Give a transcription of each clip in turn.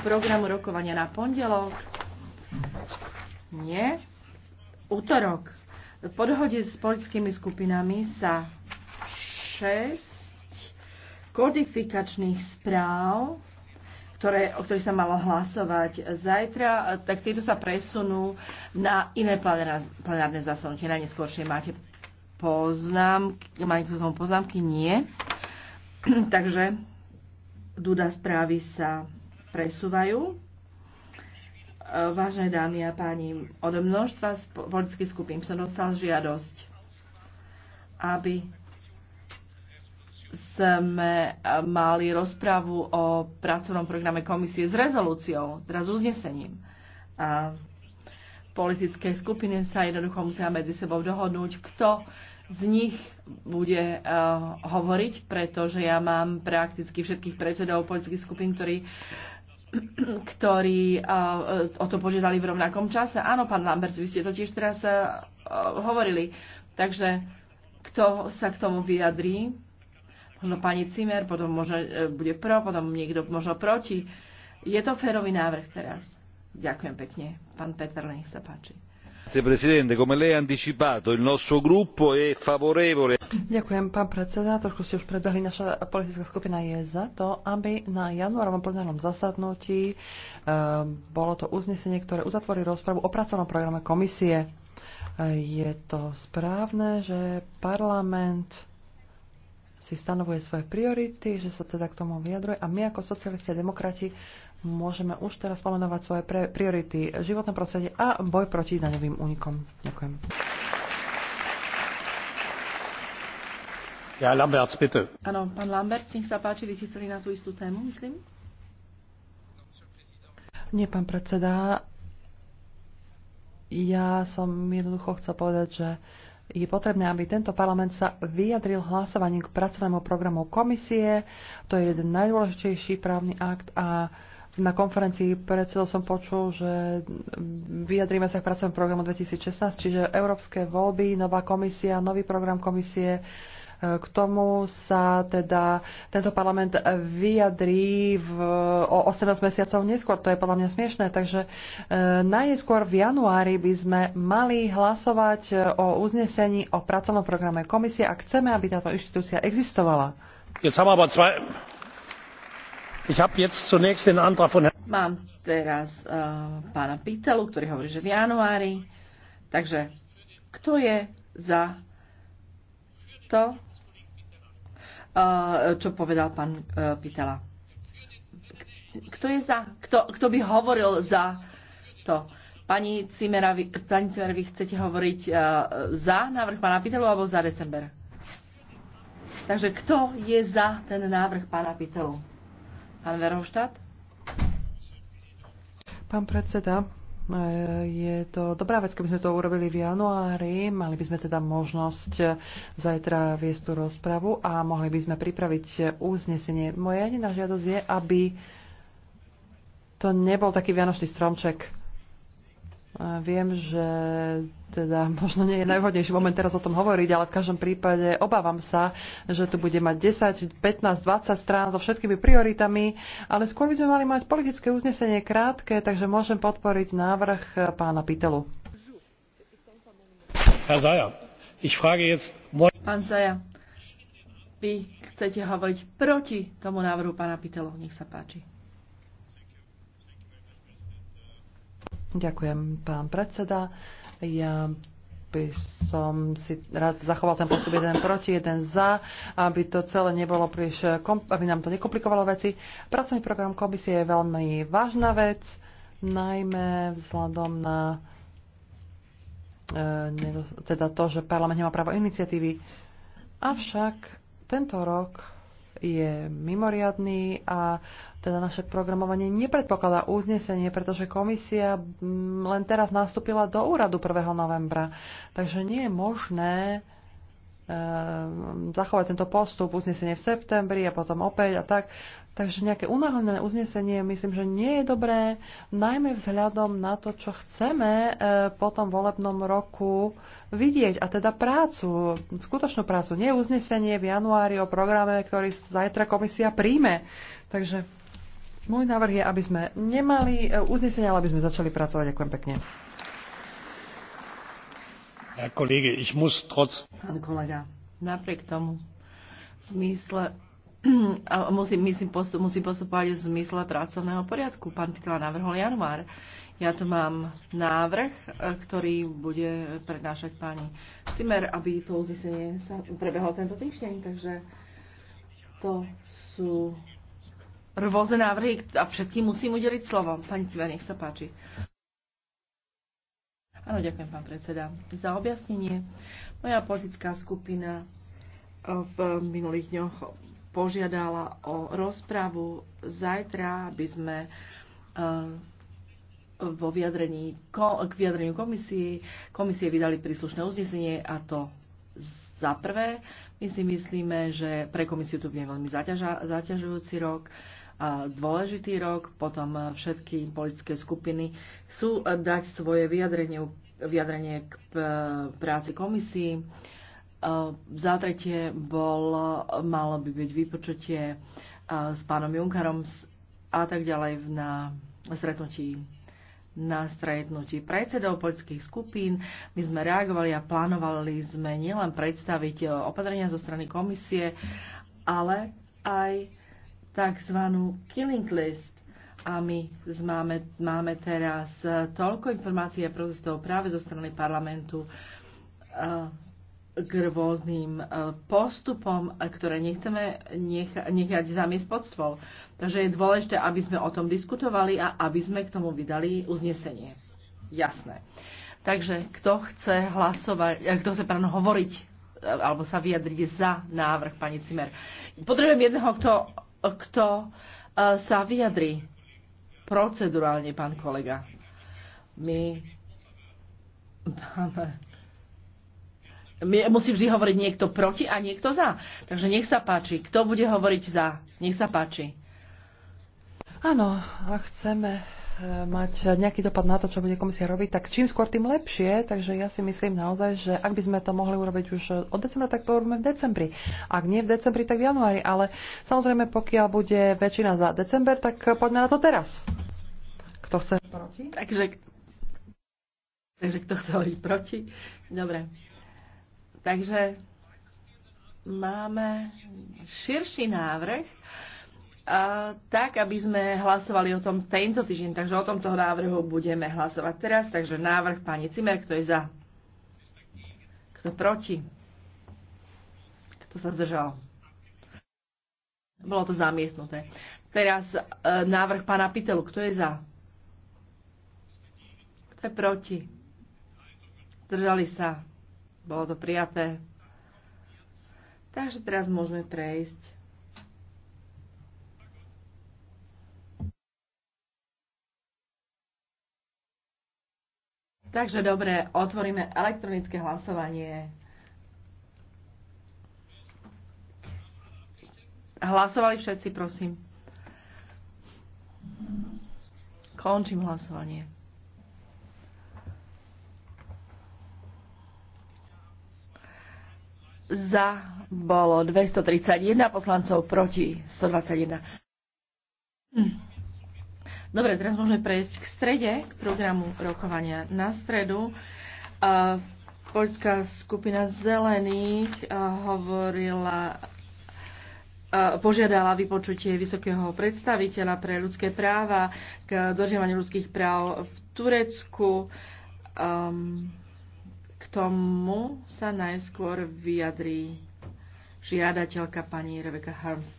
programu rokovania na pondelok? Nie. Útorok. Po dohode s politickými skupinami sa 6 kodifikačných správ ktoré, o ktorých sa malo hlasovať zajtra, tak tieto sa presunú na iné plenárne zasadnutie. Na neskôršie máte poznámky, máte poznámky? Nie. Takže Duda správy sa presúvajú. E, Vážené dámy a páni, od množstva politických skupín som dostal žiadosť, aby sme e, mali rozpravu o pracovnom programe komisie s rezolúciou, teda s uznesením. A politické skupiny sa jednoducho musia medzi sebou dohodnúť, kto z nich bude uh, hovoriť, pretože ja mám prakticky všetkých predsedov politických skupín, ktorí uh, ktorí eh, o to požiadali v rovnakom čase. Áno, pán Lambert, vy ste to tiež teraz eh, hovorili. Takže kto sa k tomu vyjadrí? Možno pani Cimer, potom možno eh, bude pro, potom niekto možno proti. Je to férový návrh teraz. Ďakujem pekne. Pán Peter, nech sa páči. Signor Presidente, come lei ha anticipato, il nostro gruppo è favorevole. Ďakujem, pán predseda. Trošku si už predbehli. Naša politická skupina je za to, aby na januárovom plenárnom zasadnutí e, bolo to uznesenie, ktoré uzatvorí rozpravu o pracovnom programe komisie. E, je to správne, že parlament si stanovuje svoje priority, že sa teda k tomu vyjadruje a my ako socialisti a demokrati môžeme už teraz pomenovať svoje pre- priority životné prostredie a boj proti daňovým únikom. Ďakujem. Ja, Lamberts, bitte. Áno, pán Lamberts, nech sa páči, vy si chceli na tú istú tému, myslím? Nie, pán predseda. Ja som jednoducho chcel povedať, že je potrebné, aby tento parlament sa vyjadril hlasovaním k pracovnému programu komisie. To je jeden najdôležitejší právny akt a uh, na konferencii predsedov som počul, že vyjadríme sa k pracovnému programu 2016, čiže európske voľby, nová komisia, nový program komisie. E, k tomu sa teda tento parlament vyjadrí v, o 18 mesiacov neskôr. To je podľa mňa smiešné. Takže e, najskôr v januári by sme mali hlasovať o uznesení o pracovnom programe komisie a chceme, aby táto inštitúcia existovala. Jetzt haben wir aber zwei, Mám teraz uh, pána Pitelu, ktorý hovorí, že v januári. Takže kto je za to, uh, čo povedal pán uh, Pitela? Kto je za? Kto, kto by hovoril za to? Pani Cimera, vy, pani Cimera, vy chcete hovoriť uh, za návrh pána Pitelu alebo za december? Takže kto je za ten návrh pána Pitelu? Pán Verhoštát? Pán predseda, eh, je to dobrá vec, keby sme to urobili v januári. Mali by sme teda možnosť eh, zajtra viesť tú rozpravu a mohli by sme pripraviť eh, uznesenie. Moja jediná žiadosť je, aby to nebol taký vianočný stromček, Viem, že teda možno nie je najvhodnejší moment teraz o tom hovoriť, ale v každom prípade obávam sa, že tu bude mať 10, 15, 20 strán so všetkými prioritami, ale skôr by sme mali mať politické uznesenie krátke, takže môžem podporiť návrh pána Pitelu. Pán Zaja, vy chcete hovoriť proti tomu návrhu pána Pitelu. Nech sa páči. Ďakujem, pán predseda. Ja by som si rád zachoval ten postup jeden proti, jeden za, aby to celé nebolo príliš, aby nám to nekomplikovalo veci. Pracovný program komisie je veľmi vážna vec, najmä vzhľadom na e, teda to, že parlament nemá právo iniciatívy. Avšak tento rok je mimoriadný a teda naše programovanie nepredpokladá uznesenie, pretože komisia mm, len teraz nastúpila do úradu 1. novembra. Takže nie je možné Ehm, zachovať tento postup, uznesenie v septembri a potom opäť a tak. Takže nejaké unáhlené uznesenie myslím, že nie je dobré, najmä vzhľadom na to, čo chceme e, po tom volebnom roku vidieť, a teda prácu, skutočnú prácu, nie uznesenie v januári o programe, ktorý zajtra komisia príjme. Takže môj návrh je, aby sme nemali e, uznesenie, ale aby sme začali pracovať. Ďakujem pekne. Pán kolega, napriek tomu zmysle musím, musím postupovať v zmysle pracovného poriadku. Pán Pitela navrhol január. Ja tu mám návrh, eh, ktorý bude prednášať pani Cimer, aby to uznesenie sa prebehlo tento týždeň. Takže to sú rôzne návrhy a všetkým musím udeliť slovo. Pani Cimer, nech sa páči. Áno, ďakujem, pán predseda, za objasnenie. Moja politická skupina eh, v minulých dňoch požiadala o rozpravu zajtra, aby sme eh, vo vyjadrení, k vyjadreniu komisie, komisie vydali príslušné uznesenie a to za prvé. My si myslíme, že pre komisiu to bude veľmi zaťažujúci rok dôležitý rok, potom všetky politické skupiny sú eh, dať svoje vyjadrenie, vyjadrenie k eh, práci komisii. Eh, za tretie bol, malo by byť vypočutie s pánom Junkerom a tak ďalej na stretnutí na stretnutí predsedov poľských skupín. My sme reagovali a plánovali sme nielen predstaviť opatrenia zo strany komisie, ale aj tzv. killing list. A my máme, máme teraz eh, toľko informácií a protestov práve zo strany parlamentu eh, k rôznym eh, postupom, ktoré nechceme nech- nechať zamiesť pod stôl. Takže je dôležité, aby sme o tom diskutovali a aby sme k tomu vydali uznesenie. Jasné. Takže kto chce hlasovať, kto chce pán hovoriť alebo sa vyjadriť za návrh pani Cimer. Potrebujem jedného, kto kto e, sa vyjadri procedurálne, pán kolega. My máme musí vždy hovoriť niekto proti a niekto za. Takže nech sa páči. Kto bude hovoriť za? Nech sa páči. Áno, a chceme mať nejaký dopad na to, čo bude komisia robiť, tak čím skôr, tým lepšie. Takže ja si myslím naozaj, že ak by sme to mohli urobiť už od decembra, tak to urobíme v decembri. Ak nie v decembri, tak v januári. Ale samozrejme, pokiaľ bude väčšina za december, tak poďme na to teraz. Kto chce proti? Takže, takže kto chce hovoriť proti? Dobre. Takže máme širší návrh tak, aby sme hlasovali o tom tento týždeň. Takže o tomto návrhu budeme hlasovať teraz. Takže návrh pani Cimer, kto je za? Kto proti? Kto sa zdržal? Bolo to zamietnuté. Teraz e, návrh pána Pitelu. Kto je za? Kto je proti? Zdržali sa. Bolo to prijaté. Takže teraz môžeme prejsť Takže dobre, otvoríme elektronické hlasovanie. Hlasovali všetci, prosím. Končím hlasovanie. Za bolo 231 poslancov proti 121. Hm. Dobre, teraz môžeme prejsť k strede, k programu rokovania na stredu. Poľská skupina zelených hovorila požiadala vypočutie vysokého predstaviteľa pre ľudské práva k dožívaniu ľudských práv v Turecku. k tomu sa najskôr vyjadrí žiadateľka pani Rebeka Harms.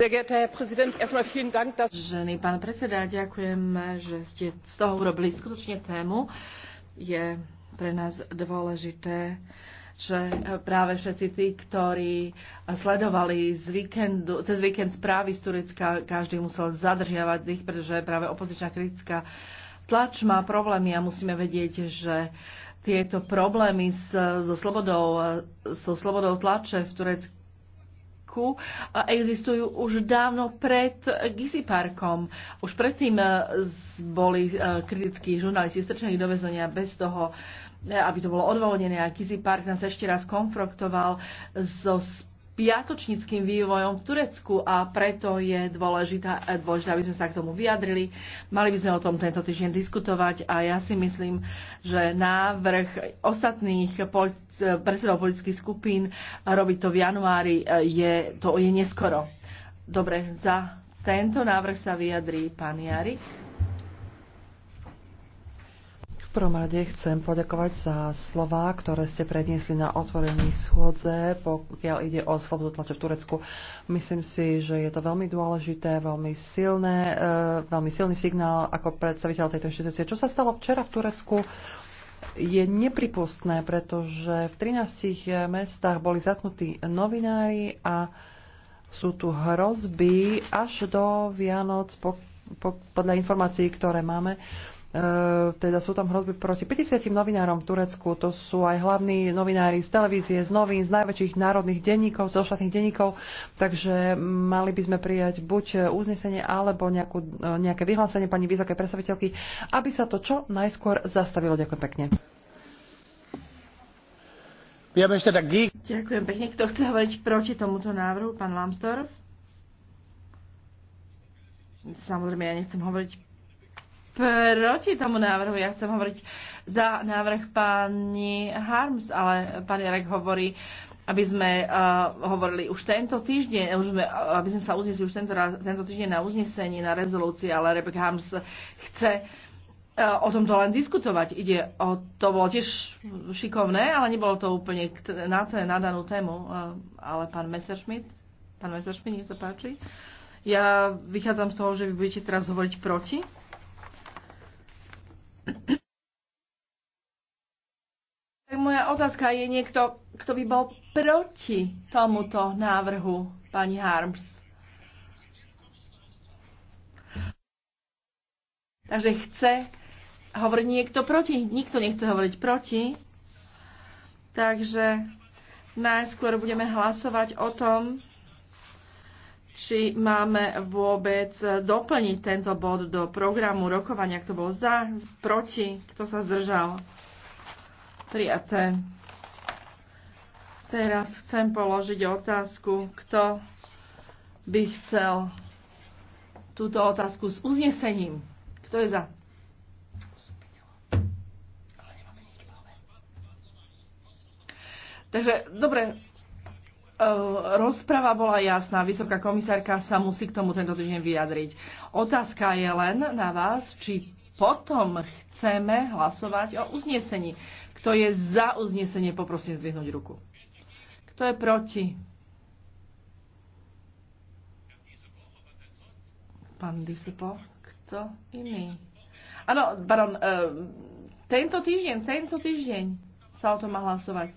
Vážený pán predseda, ďakujem, že ste z toho urobili skutočne tému. Je pre nás dôležité, že práve všetci tí, ktorí sledovali z víkendu, cez víkend správy z Turecka, každý musel zadržiavať ich, pretože práve opozičná kritická tlač má problémy a musíme vedieť, že tieto problémy so slobodou, so slobodou tlače v Turecku parku existujú už dávno pred Gizzy parkom. Už predtým e, boli e, kritickí žurnalisti strčení do väzenia bez toho, e, aby to bolo odvolené a Kizi Park nás ešte raz konfrontoval so piatočníckým vývojom v Turecku a preto je dôležité, eh, dôležité, aby sme sa k tomu vyjadrili. Mali by sme o tom tento týždeň diskutovať a ja si myslím, že návrh ostatných eh, predsedov politických skupín robiť to v januári eh, je, to je neskoro. Dobre, za tento návrh sa vyjadrí pán Jarik prvom rade chcem poďakovať za slova, ktoré ste predniesli na otvorení schôdze, pokiaľ ide o slobodu tlače v Turecku. Myslím si, že je to veľmi dôležité, veľmi silné, eh, veľmi silný signál ako predstaviteľ tejto inštitúcie. Čo sa stalo včera v Turecku? je nepripustné, pretože v 13 mestách boli zatnutí novinári a sú tu hrozby až do Vianoc po, po, podľa informácií, ktoré máme. Uh, E, teda sú tam hrozby proti 50 novinárom v Turecku, to sú aj hlavní novinári z televízie, z novín, z najväčších národných denníkov, z ostatných denníkov, takže mali by sme prijať buď uznesenie alebo nejakú, e, nejaké vyhlásenie pani vysokej predstaviteľky, aby sa to čo najskôr zastavilo. Ďakujem pekne. Ďakujem pekne. Kto chce hovoriť proti tomuto návrhu? Pán Lambsdorff? Samozrejme, ja nechcem hovoriť proti tomu návrhu. Ja chcem hovoriť za návrh pani Harms, ale pani Jarek hovorí, aby sme uh, hovorili už tento týždeň, eh, už sme, eh, aby sme sa uznesli už tento, tento týždeň na uznesení, na rezolúcii, ale Rebek Harms chce o tomto len diskutovať. Ide o, to bolo tiež šikovné, ale nebolo to úplne na, t- na danú tému. Ale pán Messerschmidt, pán Messerschmidt, nech sa páči. Ja vychádzam z toho, že vy budete teraz hovoriť proti. Tak moja otázka je niekto, kto by bol proti tomuto návrhu, pani Harms. Takže chce hovoriť niekto proti. Nikto nechce hovoriť proti. Takže najskôr budeme hlasovať o tom, či máme vôbec doplniť tento bod do programu rokovania. Kto bol za, proti, kto sa zdržal. Prijaté. Teraz chcem položiť otázku, kto by chcel túto otázku s uznesením. Kto je za? Takže, dobre, Ehm, rozprava bola jasná, vysoká komisárka sa musí k tomu tento týždeň vyjadriť. Otázka je len na vás, či potom chceme hlasovať o uznesení. Kto je za uznesenie, poprosím zdvihnúť ruku. Kto je proti? Pán Disipo, kto iný? Áno, pardon, ehm, tento týždeň, tento týždeň sa o tom má hlasovať.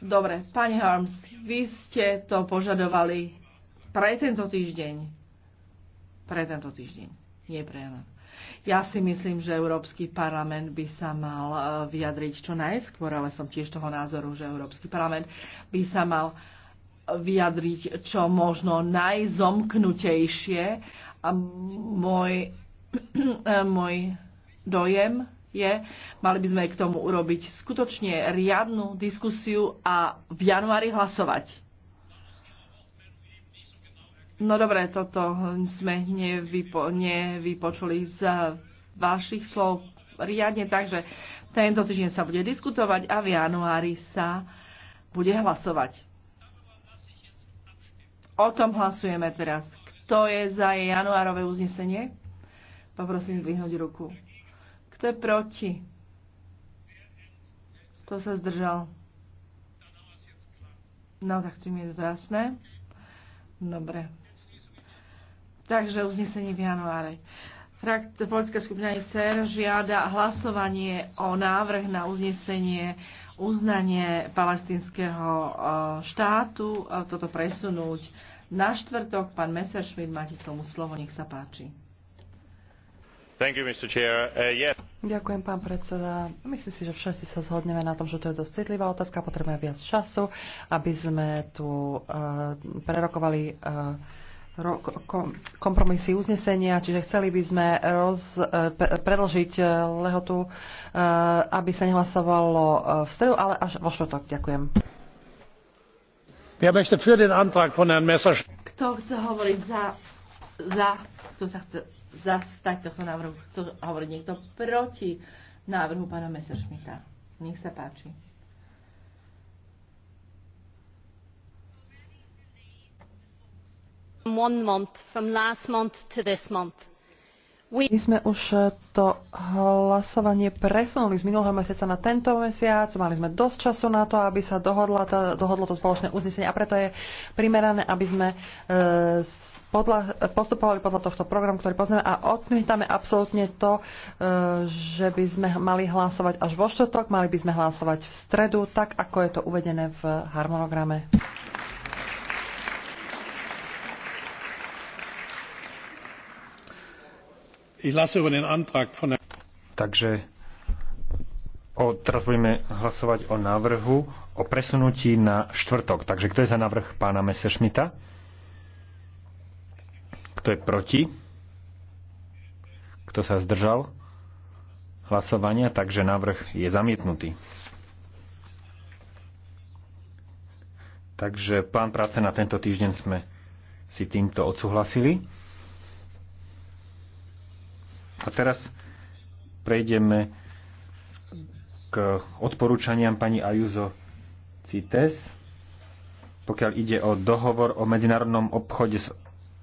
Dobre, pani Harms, vy ste to požadovali pre tento týždeň. Pre tento týždeň, nie pre nás. Ja si myslím, že Európsky parlament by sa mal e, vyjadriť čo najskôr, ale som tiež toho názoru, že Európsky parlament by sa mal vyjadriť čo možno najzomknutejšie. A môj, e, môj dojem je, mali by sme k tomu urobiť skutočne riadnu diskusiu a v januári hlasovať. No dobre, toto sme nevypo, nevypočuli z vašich slov riadne, takže tento týždeň sa bude diskutovať a v januári sa bude hlasovať. O tom hlasujeme teraz. Kto je za januárové uznesenie? Poprosím vyhnúť ruku. Kto je proti? Kto sa zdržal? No, tak tým je to jasné. Dobre. Takže uznesenie v januári. Frakt, Polská skupina ICR žiada hlasovanie o návrh na uznesenie uznanie palestinského eh, štátu, eh, toto presunúť na štvrtok. Pán Messerschmidt, máte tomu slovo, nech sa páči. Uh, Ďakujem, pán predseda. Myslím si, že všetci sa zhodneme na tom, že to je dosť citlivá otázka. Potrebujeme viac času, aby sme tu uh, prerokovali uh, kompromisy uznesenia, čiže chceli by sme roz- uh, predlžiť uh, lehotu, aby sa nehlasovalo v stredu, ale až vo štvrtok. Ďakujem. Kto chce hovoriť za, za, kto sa chce zastať tohto návrhu. chcú hovoriť niekto proti návrhu pána Messerschmitta. Nech sa páči. One month, from last month to this month. My sme už eh, to hlasovanie presunuli z minulého mesiaca na tento mesiac. Mali sme dosť času na to, aby sa dohodlo to spoločné uznesenie a preto je primerané, aby sme e, podľa, postupovali podľa tohto programu, ktorý poznáme a odmietame absolútne to, e, že by sme mali hlasovať až vo štvrtok, mali by sme hlasovať v stredu, tak ako je to uvedené v harmonograme. Takže o, teraz budeme hlasovať o návrhu o presunutí na štvrtok. Takže kto je za návrh pána Messerschmitta? Kto je proti? Kto sa zdržal hlasovania? Takže návrh je zamietnutý. Takže plán práce na tento týždeň sme si týmto odsúhlasili. A teraz prejdeme k odporúčaniam pani Ajuzo CITES, pokiaľ ide o dohovor o medzinárodnom obchode s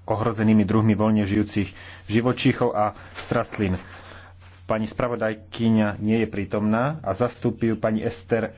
ohrozenými druhmi voľne žijúcich živočíchov a strastlín. Pani spravodajkyňa nie je prítomná a zastúpi pani Ester